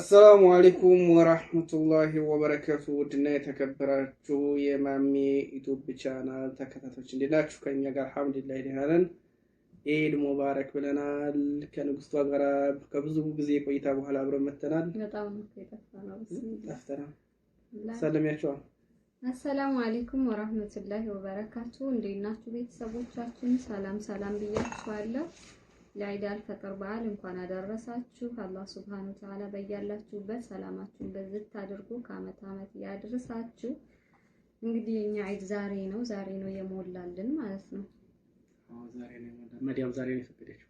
አሰላሙ አሌይኩም ወራህመቱላሂ ወበረከቱ። ውድና የተከበራችሁ የማሜ ዩቱብ ቻናል ተከታቶች እንዴት ከኛ ጋር አልሐምዱሊላህ ደህና ነን። ኤድ ሙባረክ ብለናል። ከንግስቷ ጋር ከብዙ ጊዜ ቆይታ በኋላ አብረን መተናል። ሰለሚያቸዋል። አሰላሙ አሌይኩም ወራህመቱላሂ ወበረካቱ። እንዴት ናችሁ ቤተሰቦቻችን? ሰላም ሰላም ብያችኋለሁ። ለዒድ አልፈጥር በዓል እንኳን አደረሳችሁ። አላህ ሱብሃነ ወተዓላ በያላችሁበት ሰላማችሁን በዝት አድርጎ ከአመት አመት ያድርሳችሁ። እንግዲህ የኛ አይድ ዛሬ ነው፣ ዛሬ ነው የሞላልን ማለት ነው። መዲያም ዛሬ ነው የፈቀደችው፣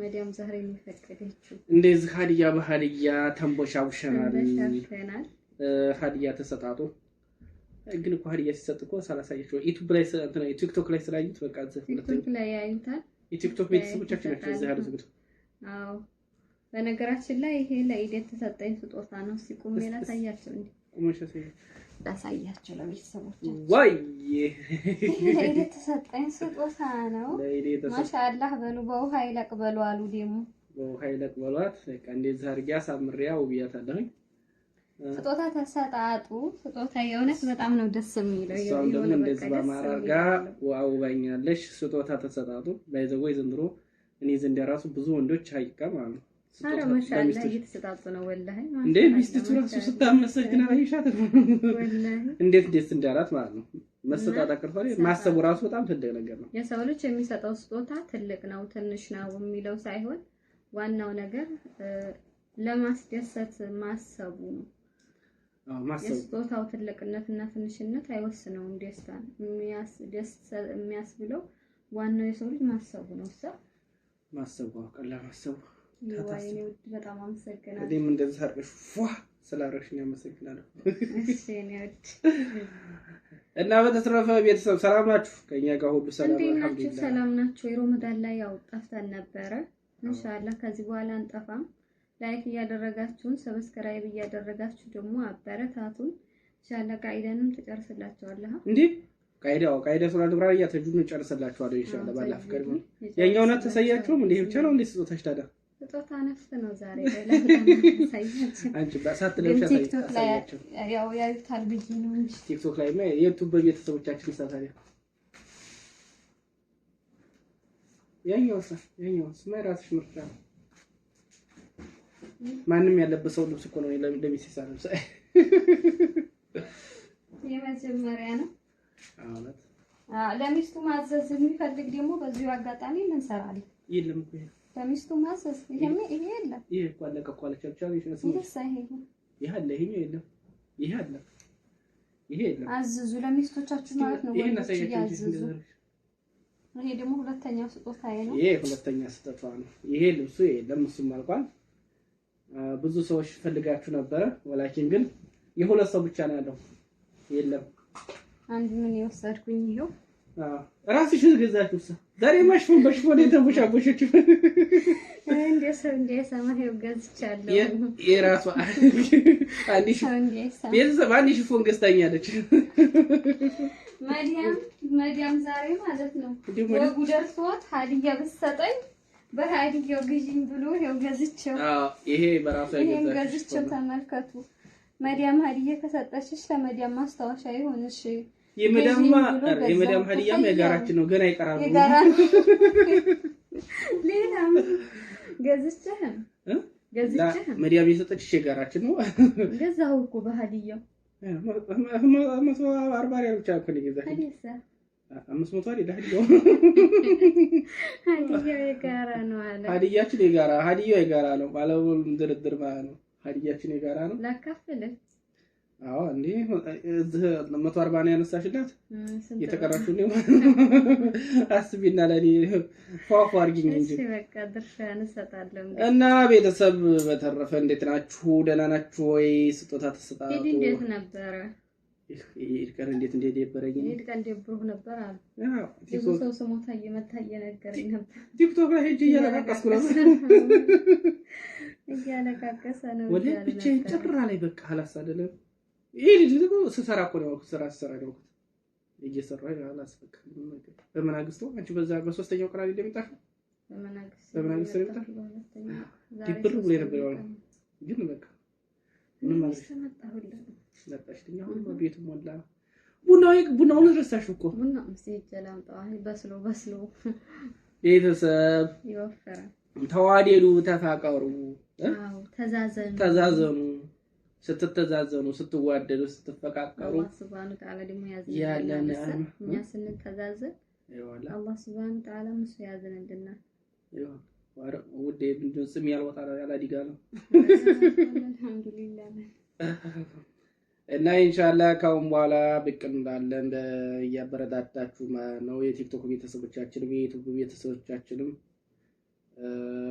መዲያም ዛሬ ነው የፈቀደችው። እንደዚህ ሀዲያ በሀዲያ ተንቦሻውሸናል፣ ሀዲያ ተሰጣጡ ግን እኮ ሀዲያ ሲሰጥ እኮ ሳላሳያችሁ ዩቲዩብ ላይ ቲክቶክ ላይ ስላዩት በቃ ቲክቶክ ላይ ያዩታል የቲክቶክ ቤተሰቦቻችን ናቸው እዚህ ያሉት እንግዲህ። አዎ በነገራችን ላይ ይሄ ለኢድ የተሰጠኝ ስጦታ ነው። ሲቁም ላሳያቸው እንዴ ቁመሽ ላሳያቸው ለቤተሰቦቻችን። ወይ የተሰጠኝ ስጦታ ነው። ማሻአላህ በሉ በውሃ ይለቅ በሉ አሉ። ደግሞ በውሃ ይለቅ በሏት። በቃ እንደዚህ አድርጌ አሳምሬ ውብያታለሁኝ። ስጦታ ተሰጣጡ። ስጦታ የእውነት በጣም ነው ደስ የሚለው። እሷም ደግሞ እንደዚህ በአማራ ጋ አውባኛለሽ። ስጦታ ተሰጣጡ ዘንድሮ እኔ ዘንድ ራሱ ብዙ ወንዶች ማለት ነው ራሱ እንዴት ደስ እንዳላት ማለት ነው። ማሰቡ ራሱ በጣም ትልቅ ነገር ነው። የሰው ልጅ የሚሰጠው ስጦታ ትልቅ ነው ትንሽ ነው የሚለው ሳይሆን ዋናው ነገር ለማስደሰት ማሰቡ ነው። የስጦታው ትንሽነት አይወስነውም። ደስታን የሚያስብለው ዋናው የሰው ልጅ ማሰቡ ነው። እሷ ማሰቡ ማሰቡ በጣም አመሰግናለሁ። እኔም እንደዚህ ፏ አመሰግናለሁ። እና በተረፈ ቤተሰብ ሰላም ናችሁ? ከኛ ጋር ሁሉ ሰላም አልሐምዱሊላህ። ሰላም ናችሁ? የሮመዳን ላይ ያው ጠፍተን ነበረ። እንሻላ ከዚህ በኋላ አንጠፋም። ላይክ እያደረጋችሁን ሰብስክራይብ እያደረጋችሁ ደግሞ አበረታቱን። ኢንሻአላህ ቃይደንም ትጨርስላችኋለህ እንዴ? ቃይዳው ቃይዳ ሱራ ያ ተጁን ጨርስላችኋለሁ ኢንሻአላህ። ባላፍ ነው። የኛው ነው ተሰያችሁም እንዴ? ብቻ ነው እንዴ ስጦታሽ ታዲያ? ስጦታ ነፍስ ነው ዛሬ ላይ ሳያችሁ አንቺ በሳት ለብቻ ሳያችሁ ያው ያዩታል ብዬ ነው እንጂ ቲክቶክ ላይ ነው የዩቱብ በቤተሰቦቻችን ሳታሪ ያኛው ሳ ያኛው ስማይራትሽ ምርጫ ነው ማንም ያለበሰው ልብስ እኮ ነው ለሚሴሳ ልብስ የመጀመሪያ ነው። ለሚስቱ ማዘዝ የሚፈልግ ደግሞ በዚሁ አጋጣሚ እንሰራለን። የለም እኮ ለሚስቱ ማዘዝ ይሄ የለም። ይሄ እኮ አለቀ እኮ አለች የለም። ይሄ አለ ይሄ የለም። አዝዙ ለሚስቶቻችሁ ማለት ነው። ይሄ ደግሞ ሁለተኛው ስጦታዬ ነው። ይሄ ሁለተኛ ስጦታ ነው። ይሄ ልብሱ የለም፣ እሱም አልቋል። ብዙ ሰዎች ፈልጋችሁ ነበረ። ወላኪን ግን የሁለት ሰው ብቻ ነው ያለው። የለም አንድ ምን የወሰድኩኝ ይሄው ራስሽ ገዛችሁ። ዛሬ ማሽፎን በሽፎን የተቦሻቦሸች ቤተሰብ አንድ ሽፎን ገዝታኛለች። መዲያም መዲያም ዛሬ ማለት ነው ወጉ ደርሶት ሀዲያ ብትሰጠኝ በሀዲያው ግዢኝ ብሎ ይሄው ገዝቼው፣ ይሄ በራሱ ያገዛችሁ ገዝቼው። ተመልከቱ መዲያም ሀዲያ ከሰጠችሽ ለመዲያም ማስታወሻ ይሁንሽ። የመዳማ የመዳም ሀዲያም የጋራችን ነው፣ ገና ይቀራሉ። ሌላም ገዝቼህም ገዝቼህም መዲያም የሰጠችሽ የጋራችን ነው። ገዛሁ እኮ በሀዲያው መቶ አርባ ብቻ እኮ ነው የገዛችው አምስት መቶ አይደል? ሀዲያው ሀዲያው የጋራ ነው አለ። ሀዲያችን የጋራ ሀዲያው የጋራ ነው ባለውል ድርድር ማለት ነው። ሀዲያችን የጋራ ነው። ላካፍልህ። አዎ እንዴ እዚህ መቶ አርባ ነው ያነሳሽላት የተቀራችሁ ነው። አስቢና ለኔ ፏፏ አድርጊኝ እንጂ በቃ ድርሻ እና ቤተሰብ በተረፈ እንዴት ናችሁ? ደህና ናችሁ ወይ? ስጦታ ተሰጣጡ እንዴት ነበረ? ኢድ ቀን እንዴት እንደደበረኝ ኢድ ቀን ደብሮህ ነበር አሉ። አዎ ብዙ ሰው ስሞታ እየመታ እየነገረኝ ነበር። ቲክቶክ ላይ ሂጅ እያለቃቀስኩ ነበር እያለቃቀሰ ነው ወደ ብቻዬን ጭራ ላይ በቃ አላስ አይደለም። ይሄ ልጅ ደግሞ ስሰራ እኮ ነው ስራ ስሰራ ነው እየሰራ አላስ በቃ በመናግስቱ አንቺ በዛ በሶስተኛው ቀን አይደል የመጣሽው? በመናግስቱ በመናግስቱ የመጣሽው ድብር ብሎ ነበር ያለው ግን በቃ ምንም ማለት መጣሽልኝ። አሁንማ ሞላ። ቡናውን ረሳሽ እኮ ቡና በስሎ በስሎ። ቤተሰብ ተዋደዱ፣ ተፋቀሩ፣ ተዛዘኑ። ስትተዛዘኑ፣ ስትዋደዱ፣ ስትፈቃቀሩ ያለን እኛ ስንተዛዘን አላህ ስብሃነ ወተዓላ ምስ ያዘንልናል። ውዴ ምንድን ነው ያልወጣ ያላዲጋ ነው። አልሐምዱሊላህ እና ኢንሻላ ካሁን በኋላ ብቅ እንላለን። እያበረታታችሁ ነው የቲክቶክ ቤተሰቦቻችንም የዩቱብ ቤተሰቦቻችንም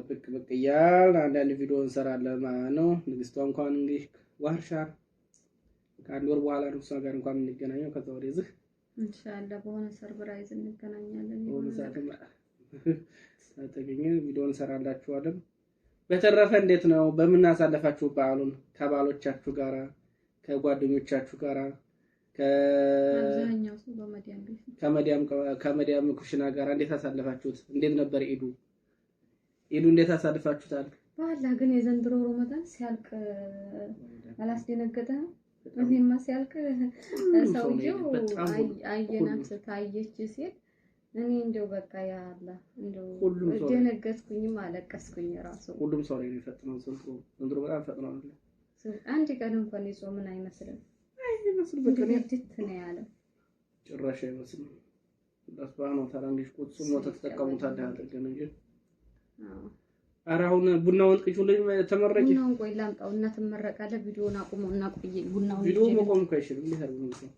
ብቅ ብቅ እያል አንዳንድ ቪዲዮ እንሰራለን ማለት ነው። ንግስቷ እንኳን እንግዲህ ዋርሻ ከአንድ ወር በኋላ ንግስቷ ጋር እንኳን የምንገናኘው ከዛ ወደ ወደዚህ ኢንሻአላ በሆነ ሰርፕራይዝ እንገናኛለን። ተገኘ ሳተገኘ ቪዲዮ እንሰራላችኋለን። በተረፈ እንዴት ነው በምናሳለፋችሁ አሳለፋችሁ በዓሉን ከባሎቻችሁ ጋራ ከጓደኞቻችሁ ጋር ከመዲያም ኩሽና ጋር እንዴት አሳለፋችሁት? እንዴት ነበር ኢዱ? ኢዱ እንዴት አሳልፋችሁታል? በኋላ ግን የዘንድሮ ረመዳን ሲያልቅ አላስደነገጠ ነው። እኔማ ሲያልቅ ሰውየው አየናት ታየች ሲል እኔ እንደው በቃ ያ አላህ እንደው ደነገጥኩኝም አለቀስኩኝ ራሱ። ሁሉም ሰው ላይ ነው የፈጥነው ዘንድሮ በጣም ፈጥነው አንድ ቀን እንኳን የጾምን አይመስልም አይመስልም። በቃ ነው ያለው ጭራሽ አይመስልም። ሱብሃነሁ ወተዓላ እንግዲህ ቁጥሱ ነው ተጠቀሙት ያደርገን እንጂ ኧረ አሁን ቡናውን ቅጁ ላይ ተመረቂ ቡናውን ቆይ ላምጣው እና ትመረቃለህ። ቪዲዮውን አቁመው እና ቆይ ቡናውን ቪዲዮ መቆም እኮ አይችልም። እንዴት አድርገን